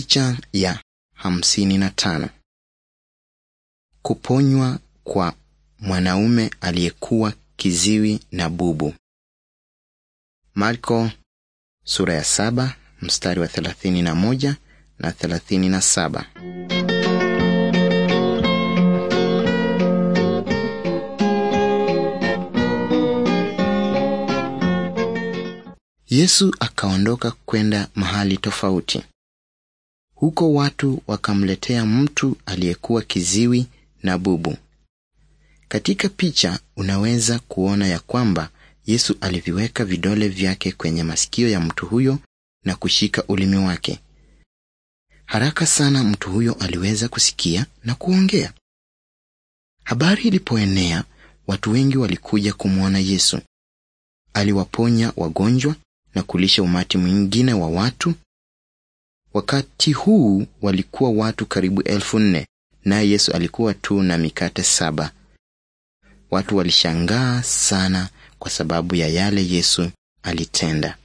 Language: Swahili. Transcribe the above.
Picha ya hamsini na tano. Kuponywa kwa mwanaume aliyekuwa kiziwi na bubu. Marko sura ya saba mstari wa thelathini na moja na thelathini na saba. Yesu akaondoka kwenda mahali tofauti. Huko watu wakamletea mtu aliyekuwa kiziwi na bubu. Katika picha unaweza kuona ya kwamba Yesu aliviweka vidole vyake kwenye masikio ya mtu huyo na kushika ulimi wake. Haraka sana mtu huyo aliweza kusikia na kuongea. Habari ilipoenea, watu wengi walikuja kumwona Yesu. Aliwaponya wagonjwa na kulisha umati mwingine wa watu Wakati huu walikuwa watu karibu elfu nne naye Yesu alikuwa tu na mikate saba. Watu walishangaa sana kwa sababu ya yale Yesu alitenda.